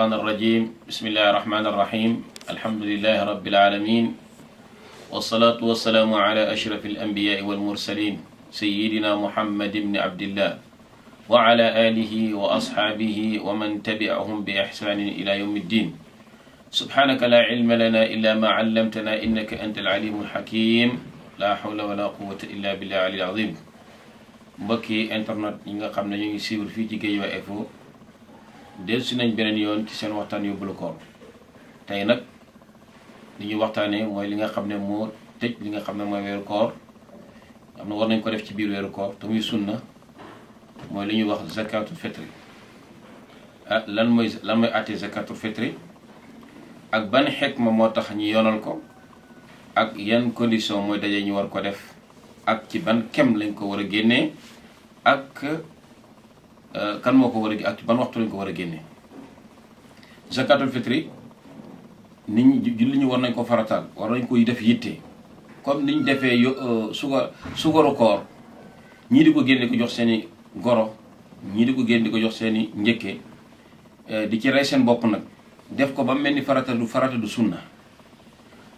الشيطان الرجيم بسم الله الرحمن الرحيم الحمد لله رب العالمين والصلاة والسلام على أشرف الأنبياء والمرسلين سيدنا محمد بن عبد الله وعلى آله وأصحابه ومن تبعهم بإحسان إلى يوم الدين سبحانك لا علم لنا إلا ما علمتنا إنك أنت العليم الحكيم لا حول ولا قوة إلا بالله العلي العظيم بكي انترنت نيغا خامنا نيغي ne في ngi وافو dellusi nañ beneen yoon ci seen waxtaan yóbbalu koor tey nag li ñuy waxtaanee mooy li nga xam ne moo tëj li nga xam ne mooy weeru koor am na war nañ ko def ci biir weeru koor te muy sunna mooy li ñuy wax zakatul fitri ah, lan mooy lan mooy àttee zakatul fitri ak ban xekma moo tax ñu yoonal ko ak yan condition mooy daje ñu war ko def ak ci ban kem lañ ko war a génnee ak Euh, kan moo ko war a ak ban ko war a génne zakatul fitri nit ñi julli ñu war nañ ko farataal war nañ koy def yitte comme niñ defee yo euh, sugar sugaru koor ñii di ko génne ko jox seeni goro ñii di ko génne di ko jox seeni njëkke euh, di ci rey seen bopp nag def ko ba mel ni farata du farata du sunna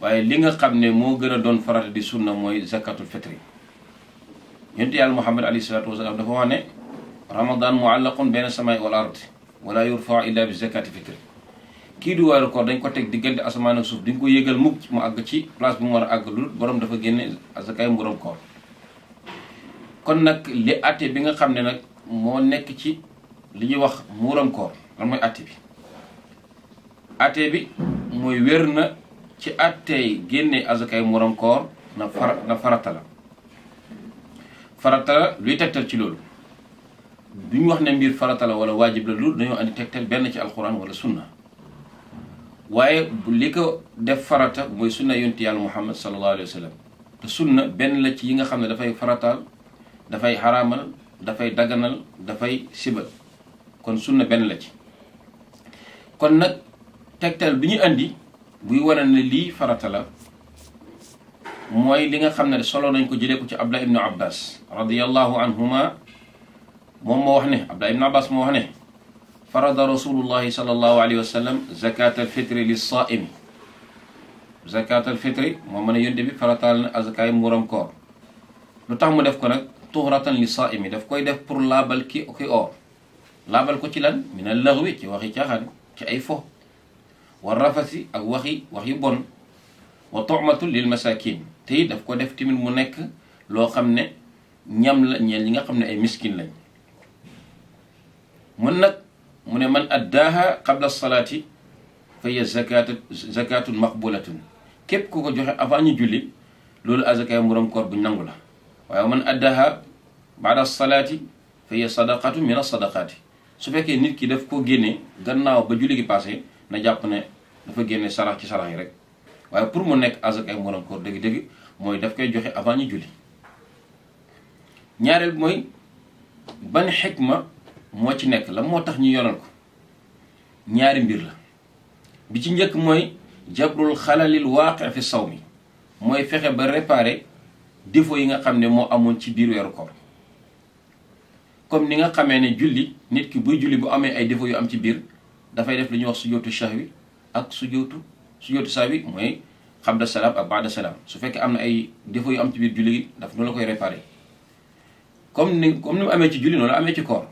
waaye li nga xam ne moo gën a doon farata di sunna mooy zakatul fitri yonent yàlla muhammad alayhi salaatu wasalaam dafa wax ne ramadan muallaqun bayna samaa'i wal ard wala yurfa illa bi zakati fitri kii di waaru koor dañ ko teg diggante asamaan ak suuf duñ ko yégal mukk mu àgg ci place bu mu war a àgg lu borom dafa génne asakaay mburam koor kon nag li atte bi nga xam ne nag moo nekk ci li ñuy wax muuram koor lan mooy atte bi atte bi mooy wér na ci attey génne asakaay muuram koor na far na farata luy tegtal ci loolu duñ wax ne mbir farata la wala wajib la lool dañu andi tektel ben ci alquran wala sunna waye li ko def farata moy sunna yonti yàlla muhammad sallallahu alayhi wasallam te sunna ben la ci yi nga xamne da fay ne da fay dafay da fay daganal da fay sibal kon sunna ben la ci kon nak tektel biñu andi buy wane ne lii farata la moy li nga xamne solo nañ ko jele ko ci abdullah ibn abbas radiyallahu anhuma موم مو عبد الله بن عباس مو فرض رسول الله صلى الله عليه وسلم زكاة الفطر للصائم زكاة الفطر موم من يندي بي على زكاة مورم كور لو تخ مو ديف كو نك طهرة للصائم داف كوي ديف بور لابل كي اوكي او لابل كو تي لان من اللغوي كي واخي تياخان كي اي فو والرفث اك واخي واخي بون وطعمة للمساكين تي داف كو ديف تيمين مو نيك لو خامني نيام لا ني ليغا خامني اي مسكين لاني mun nag mu ne man addaaha qabla salaati fa hiya zakatu zakatun maqbulatun képp ku ko joxe avant ñu julli loolu azakay mburoom koor bu nangu la waaye man addaaha baada salaati fa hiya sadaqatu min as su fekkee nit ki daf ko génne gannaaw ba julli gi passé na jàpp ne dafa génne sarax ci sarax yi rek waaye pour mu nekk azakay mburoom dëgg-dëgg mooy daf koy joxe avant ñu julli ñaareel mooy ban xikma moo ci nekk la moo tax ñu yoonal ko ñaari mbir la bi ci njëkk mooy jabrul xalalil waaqi fi saw mi mooy fexe ba réparer défaut yi nga xam ne moo amoon ci biir weeru koor comme ni nga xamee ne julli nit ki buy julli bu amee ay defo yu am ci biir dafay def lu ñuy wax sujootu shahwi ak sujootu sujootu sahwi mooy xabla salaam ak baada salaam su fekkee am na ay défaut yu am ci biir julli gi daf noonu la koy réparer comme ni comme ni mu amee ci julli noonu amee ci ko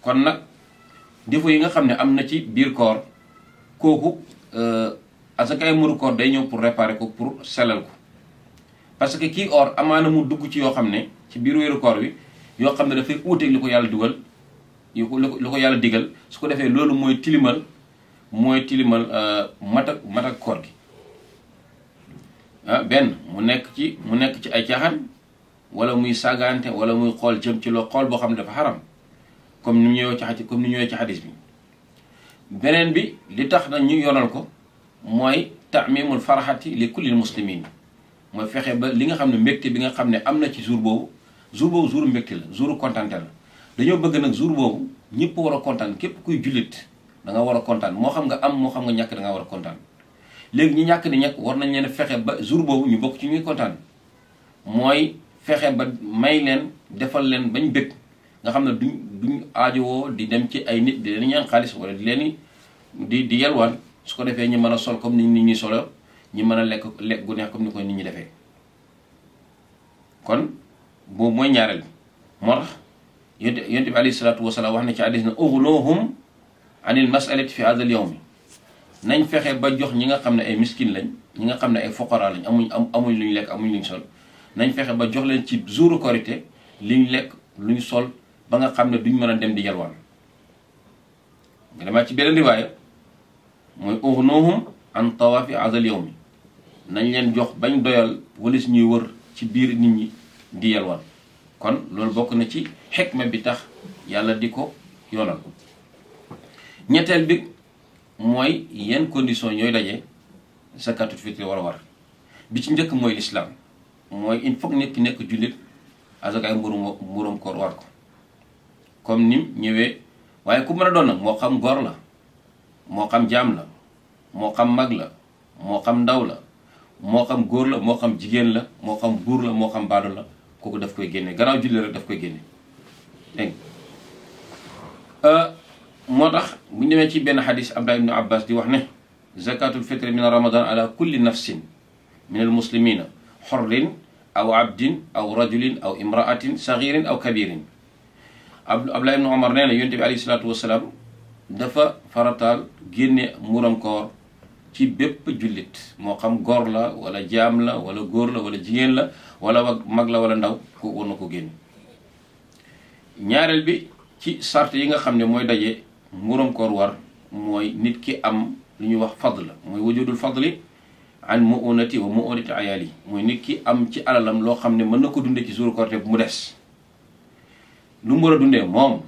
kon nag défaut yi nga xam ne am na ci biir koor kooku euh, asakaay muru koor day ñëw pour réparer ko pour selal ko parce que kii or amaana mu dugg ci yoo xam ne ci biir wéeru koor wi yoo xam ne dafay uuteeg li ko yàlla dugal yu ko lu ko yàlla digal su ko defee loolu mooy tilimal mooy tilimal euh, matak matak koor gi ah, benn mu nekk ci mu nekk ci ay caaxaan wala muy sàggante wala muy xool jëm ci loo xool boo xam ne dafa xaram comme ni ñëwee ci xaj comme ni ñëwee ci bi beneen bi li tax na ñu yoral ko mooy taamimul faraxati li kulli muslimin mooy fexe ba li nga xam ne mbégte bi nga xam ne am na ci jour boobu jour boobu jour mbégte la jour kontante la dañoo bëgg nag jour boobu ñëpp war a kontaan képp kuy jullit danga war a kontaan moo xam nga am moo xam nga ñàkk da nga war a kontaan léegi ñi ñàkk ni ñàkk war nañ leen fexe ba jour boobu ñu bokk ci ñuy kontaan mooy fexe ba may leen defal leen bañ bëgg nga xam ne duñ duñ aajowoo di dem ci ay nit di leen ñaan xaalis wala di leen di di yelwaan su ko defee ñi mën a sol comme ni nit ñi solo ñi mën a lekk lekk gu neex comme ni ko nit ñi defee kon boobu mooy ñaareel moo tax yonte yonte bi alayhi salaatu wasalaam wax na ci hadis na ughnuhum anil masalati fi hadha al yawmi nañ fexe ba jox ñi nga xam ne ay miskin lañ ñi nga xam ne ay foqara lañ amuñ amuñ luñ lekk amuñ luñ sol nañ fexe ba jox leen ci jouru korité liñ lekk luñ sol ba nga xam ne duñ mën a dem di yalwaan nga demaat ci beneen riwaaya mooy uxnuhum an tawaafi azal nañ leen jox bañ doyal walis ñuy wër ci biir nit ñi di yalwaan kon loolu bokk na ci xikma bi tax yàlla di ko yoonal ñetteel bi mooy yenn condition ñooy daje zakatut fitri war a war bi ci njëkk mooy lislaam mooy il faut mburum mburum war ko comme nim ñëwee waaye ku mën a doon moo xam góor la moo xam jaam moo xam mag la moo xam ndaw la moo xam góor la moo xam jigéen la moo xam buur moo xam baado la kooku daf koy génne gannaaw julli rek daf koy génne dégg euh, moo tax bu ñu demee ci benn xadis Abdullah ibnu Abbas di wax ne zakatul fitri min ramadan ala kulli nafsin min al muslimina xorrin aw abdin aw rajulin aw imraatin sagirin aw kabirin ab Abdullah ibn Omar nee na yonent bi alayhi salaatu wasalaam dafa farataal génne muram koor ci bépp jullit moo xam góor la wala jaam la wala góor la wala jigéen la wala wa mag la wala ndaw kooku war na ko génn ñaareel bi ci sarte yi nga xam ne mooy daje muram war mooy nit ki am lu ñuy wax la mooy wujudul li an muunati wa muunati ayaali mooy nit ki am ci alalam loo xam ne mën na ko dundee ci suuru koor te bu mu des lu mu war dundee moom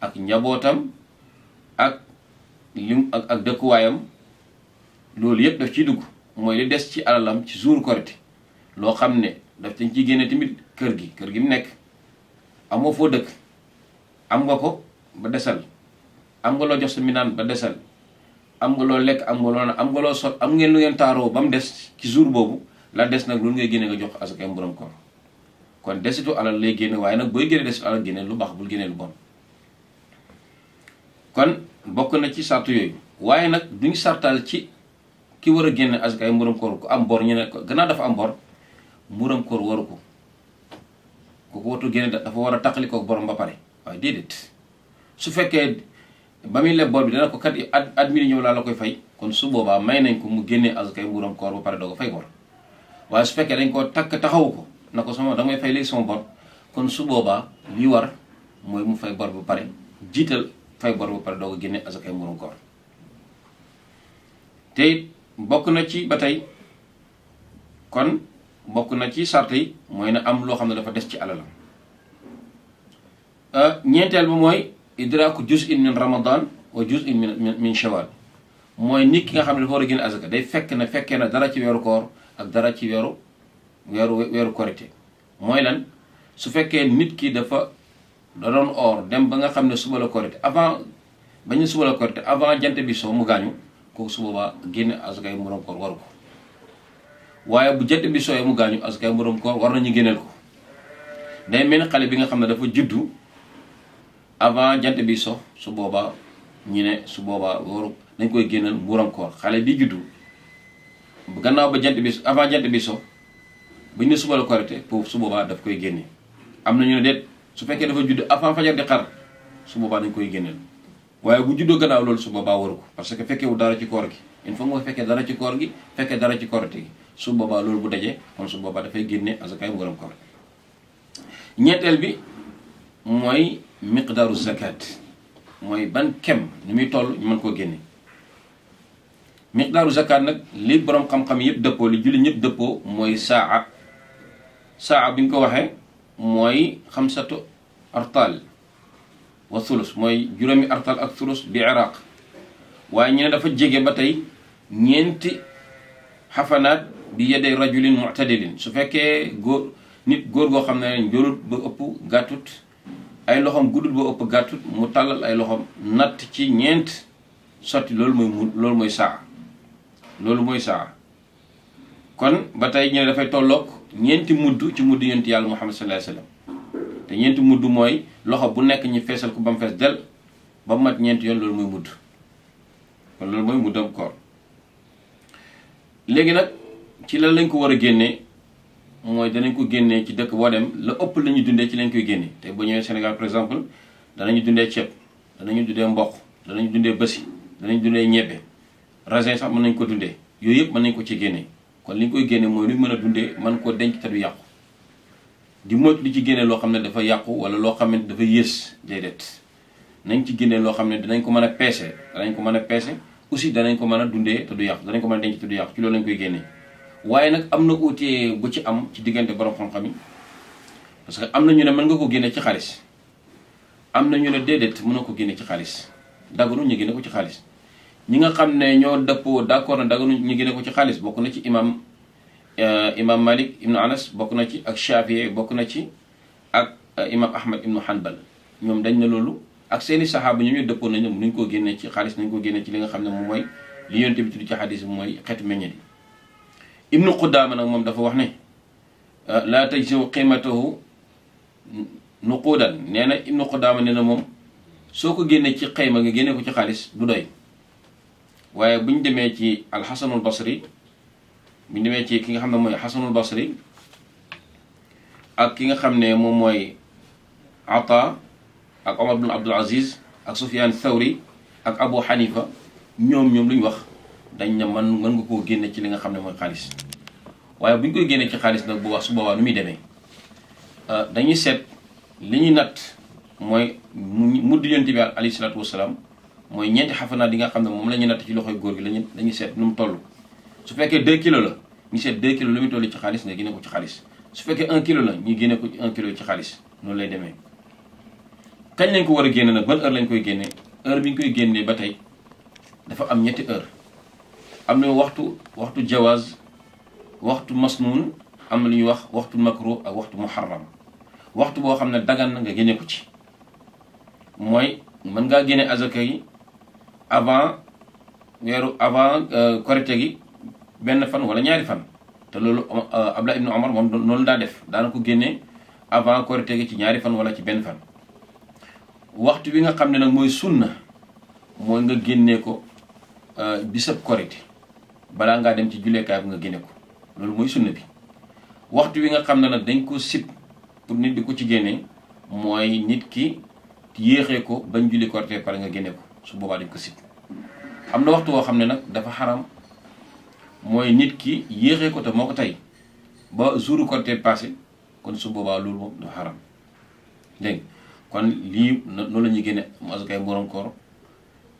ak njabootam ak lim ak dëkkuwaayam loolu yëpp daf ciy dugg mooy li des ci alalam ci jour korité loo xam ne daf dañ ciy génne tamit kër gi kër gi mu nekk amoo foo dëkk am nga ko ba desal am nga loo jox sa minaan ba desal am nga loo lekk am nga loo am nga loo sot am ngeen lu ngeen taaroo ba mu des ci jour boobu la des nag loolu ngay génne nga jox asakay mburam koor kon desitu alal lay génne waaye nag booy génne desitu alal génne lu baax bul génne lu bon kon bokk na ci sartu yooyu waaye nag duñ sartaal ci ki war a génne asakaay muram koor ku am bor ñu ne gannaaw dafa am bor muram koor waru ko kooku wartu dafa war a taqali ko borom ba pare su fekkee ba muy leb bor bi dana ko kat at at mi ñëw laa la koy fay kon su boobaa may nañ ko mu génnee asakaay muram koor ba pare doo ko fay bor waaye su fekkee dañ koo takk taxawu ko na ko sama damay fay léegi sama bor kon su boobaa li war mooy mu fay bor bu pare jiital fay bor bu pare doog a génne asakay mburum koor te bokk na ci ba tey kon bokk na ci sart yi mooy na am loo xam ne dafa des ci alalam euh, ñeenteel bi mooy idraaku juz in min ramadan wa juz in min min mooy nit ki nga xam ne dafa war a génne asaka day fekk na fekkee na dara ci weeru koor ak dara ci weeru weeru weeru korité mooy lan su fekkee nit ki dafa da doon or dem ba nga xam ne suba la korité avant ba ñu suba la korité avant jant bi soo mu gaañu kooku su boobaa génn asakay moroom koor waru ko waaye bu jant bi sooyee mu gaañu asakay moroom koor war nañu génneel ko day mel ni xale bi nga xam ne dafa juddu avant jant bi so su boobaa ñu ne su boobaa waru dañ koy génneel mbuuram koor xale bi gannaaw ba jant bi avant jant bi so bu ñu ne suba la korité pour su boobaa daf koy génne am nañu ne deet su fekkee dafa judd avant fajar di xar su boobaa dañ koy génneel waaye bu juddoo gannaaw loolu su boobaa waru ko parce que fekkee dara ci koor gi il faut nga fekkee dara ci koor gi fekkee dara ci korité gi su boobaa loolu bu dajee kon su boobaa dafay génne asakaay borom koor ñetteel bi mooy miqdaaru zakat mooy ban kem ni muy toll ñu mën koo génne miqdaaru zakat nag li borom xam-xam yëpp dëppoo li julli ñëpp dëppoo mooy saa saa bi ñu ko waxee mooy xamsatu artal wa thulus mooy juróomi artal ak thulus bi iraq waaye ñu ne dafa jege ba tey ñeenti xafanaat bi yedee rajulin mu'tadilin su fekkee góor nit góor goo xam ne ren jorut ba ëpp gàttut ay loxoom guddul ba ëpp gàttut mu tàllal ay loxoom natt ci ñeent sotti loolu mooy mu loolu mooy saa loolu mooy kon ba tey ñu ne dafay ñeenti mudd ci mudd yonent yàlla Muhammad sallallahu alayhi wasallam te ñeenti mudd mooy loxo bu nekk ñu feesal ko ba mu fees del ba mu mat ñeenti yoon loolu mooy mudd kon loolu mooy muddam koor léegi nag ci la lañ ko war a génnee mooy danañ ko génnee ci dëkk boo dem la ëpp la ñuy dundee ci lañ koy génnee te ba ñëwee Sénégal par exemple danañu dundee ceeb danañu dundee mboq danañu dundee bësi danañ dundee ñebbe raisin sax mën nañ ko dundee yooyu yëpp mën nañ ko ci génnee kon li ñu koy génne mooy lu mën a dundee man koo denc te du yàqu di moytu lu ci génne loo xam ne dafa yàqu wala loo xam ne dafa yées déedéet nañ ci génne loo xam ne danañ ko mën a peese danañ ko mën a peese aussi danañ ko mën a dundee te du yàqu danañ ko mën a denc te du yàqu ci loolu lañ koy génne waaye nag am na uute bu ci am ci diggante borom xam-xam yi parce que am na ñu ne mën nga ko génne ci xaalis am na ñu ne déedéet mën na ko génne ci xaalis daganu ñu génne ko ci xaalis ñi nga xam ne ñoo dëppoo d'accord na daganu ñu génne ko ci xaalis bokk na ci imam euh, imam malik ibnu anas bokk na ci ak shafiye bokk na ci ak euh, imam ahmad ibnu hanbal ñoom dañ na loolu ak seeni saxaaba ñoom ñu dëppoo nañu nuñ ko génne ci xaalis nañ ko génne ci li nga ne moom mooy li yonte bi tudd ci xadis bi mooy xeetu meññe di ibnu qudaama moom dafa wax ne euh, laa tajziu qimatahu nuquudan nee na ibnu qudaama nee na moom soo ko génne ci xayma nga génnee ko ci xaalis du doy waaye bu ñu demee ci alxasanul basri bu ñu demee ci ki nga xam ne mooy xasanul basri ak ki nga xam ne moom mooy ata ak omar bin abdul aziz ak sufyan thawri ak abu xanifa ñoom ñoom lu wax dañ ne man mën nga koo génne ci li nga xam ne mooy xaalis waaye bu ñu koy génnee ci xaalis nag bu wax su nu muy demee euh, dañuy seet li ñuy natt mooy mu mu di yonent bi alayhi salaatu wasalaam mooy ñeenti xafanaat yi nga xam ne moom la ñu natt ci loxoy góor gi lañu lañu seet nu mu toll su fekkee 2 kilo la ñu seet 2 kilos lu mu toll ci xaalis nga génne ko ci xaalis su fekkee 1 kilo la ñu génne ci 1 kilo ci xaalis noonu lay demee kañ lañ ko war a génne nag ban heure lañ koy génne heure bi ñu koy génnee ba tey dafa am ñetti heure am na waxtu waxtu jawaaz waxtu masnuun am na lu ñuy wax waxtu makro ak waxtu muharram waxtu boo xam ne dagan na nga génne ko ci mooy mën ngaa génne azaka yi avant weeru avant euh, korite gi benn fan wala ñaari fan te loolu euh, Abdullah ibnu Omar moom noonu daa def daana ko génnee avant korite gi ci ñaari fan wala ci benn fan waxtu bi nga xam ne nag mooy sunna mooy nga génnee ko euh, bisab korite balaa ngaa dem ci julleekaay bi nga génne ko loolu mooy sunna bi waxtu bi nga xam ne nag dañ ko sib pour nit di ko ci génne mooy nit ki yéexee ko bañ julli korite pare nga génne ko su boobaa dañ ko sit am na waxtu woo xam ne nag dafa xaram mooy nit ki yéexee ko te moo ko tey ba jour korté passé kon su boobaa loolu moom dafa xaram dégg kon lii noonu la ñuy moo mu asakaay borom koor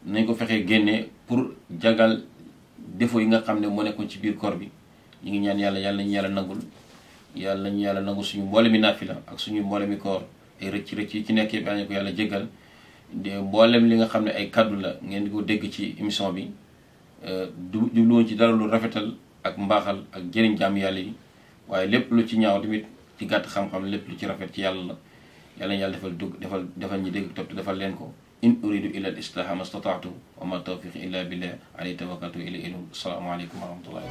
nañ ko fexee génnee pour jagal défaut yi nga xam ne moo nekkoon ci biir koor bi ñu ngi ñaan yàlla yàlla nañu yàlla nangul yàlla nañu yàlla nangul suñu mboole mi naafila ak suñu mboole mi koor ay rëcc rëcc yi ci nekk yëpp yaa ko yàlla jéggal mboolem li nga xam ne ay kàddu la ngeen di ko dégg ci émission bi euh, du jubluwoon ci dara lu rafetal ak mbaaxal ak jëriñ jàmm yàlla yi waaye lépp lu ci ñaaw tamit ci gàtt xam-xam lépp lu ci rafet ci yàlla la yàlla na yàlla defal dugg defal defal ñu dégg topp defal leen ko in uridu illa al islaha ma stataatu wa ma tawfiqi illa billah alayhi tawakkaltu ila ilu asalaamaaleykum wa rahmatullahi